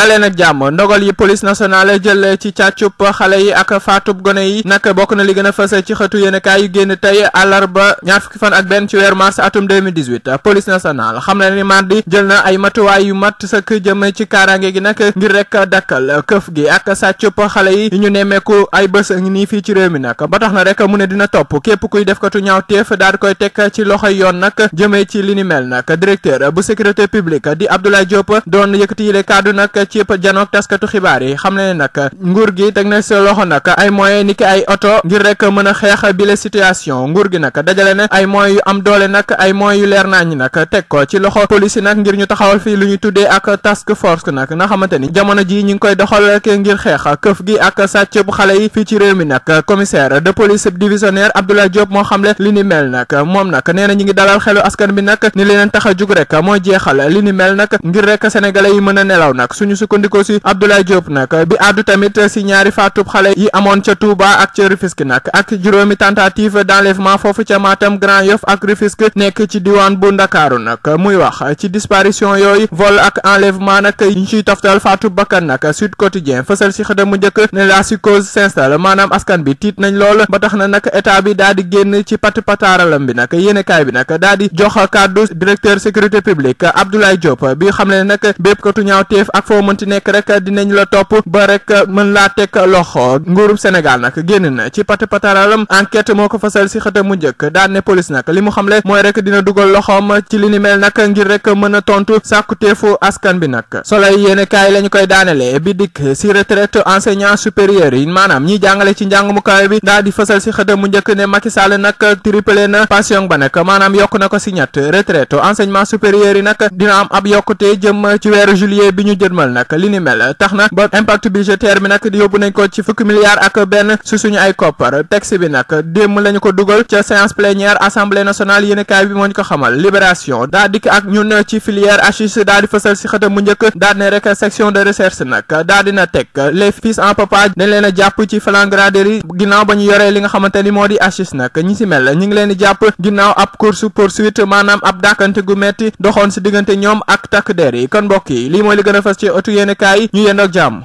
daleen ak jàmm ndogal yi police nationale jël ci càccub xale yi ak faatub gone yi nag bokk na li gën a fës ci xëtu yéenekaay yu génn tey àllarba ñaar fukki fan ak benn ci weer mars atum 2018 police nationale xam na ni mardi jël na ay matuwaay yu mat sëkk jëm ci kaaraange gi nag ngir rek dakkal këf gi ak sàccub xale yi ñu nemmeeku ay bés ngi nii fii ci réew mi nag ba tax na rek mu ne dina topp képp kuy def katu ñaaw téef daal koy teg ci loxoy yoon nag jëmee ci li ni mel nag directeur bu sécurité publique di Abdoulaye Diop doon yëkkati ci janook taskatu xibaar yi xam ne nag nguur gi teg na si loxo nag ay moyens ni ki ay oto ngir rek mën a xeex bi la situation nguur gi nag dajale ne ay moyens yu am doole nag ay moyens yu leer nañ nag teg ko ci loxo police yi nag ngir ñu taxawal fii lu ñu tuddee ak task force nag nga xamante ni jamono ji ñu ngi koy doxal rek ngir xeex këf gi ak sàcc bu xale yi fii ci réew mi nag commissaire de police divisionnaire Abdoulaye Diop moo xamle li ni mel nag moom nag nee na ñu ngi dalal xelu askan bi nag ni leen tax a jug rek mooy jeexal li ni mel nag ngir rek sénégalais yi mën a nelaw nag suñu sukkandikoo si Abdoulaye Diop nag bi àddu tamit si ñaari faatub xale yi amoon ca Touba ak ca Rufisque nag ak juróomi tentative d'enlèvement foofu ca Matam Grand Yoff ak Rufisque nekk ci diwaan bu Ndakaaru nag muy wax ci disparition yooyu vol ak enlèvement nag ñu ciy toftal faatub bakkan nag Sud Quotidien fësal si xëtam mu njëkk ne la psychose s'installe maanaam askan bi tiit nañ lool ba tax na nag état bi daa di génn ci pat pataaralam bi nag yéenekaay bi nag daa di jox kàddu directeur sécurité publique Abdoulaye Diop bi xam ne xamanti nek rek dinañ la top ba rek mën la tek loxo nguurub senegal nak genn na ci pat pataralam enquête moko fassal ci xata mu njëkk daan ne police nak limu xamle moy rek dina duggal loxom ci li ni mel nak ngir rek mën tontu askan bi nak soley yene kay lañ koy daanale bi dik si retraite enseignant supérieur yi manam ñi jangale ci njàng mu bi dah di fasal ci xata mu njëkk ne Macky Sall nak triplé na pension ba nak manam yok nako ko si retraite enseignement supérieur yi dina am ab yokkute jëm ci wéru juillet bi ñu jëmal nag li ni mel tax na ba impact budgétaire bi nag yóbbu nañ ko ci fukki milliards ak benn su suñu ay koppar texte bi nag démb la ko dugal ca séance plénière assemblée nationale yéenekaay bi moo ñu ko xamal libération daa dikk ak ñun ci filière achis daa fësal si xëta mu njëkk daa ne rek section de recherche nag daa dina teg les en papa dañ leen a jàpp ci flagranderie ginnaaw ba ñu yoree li nga xamante ni moo di achis nag ñi si mel ëttu yéenekaay yi ñu yendoo ak jàmm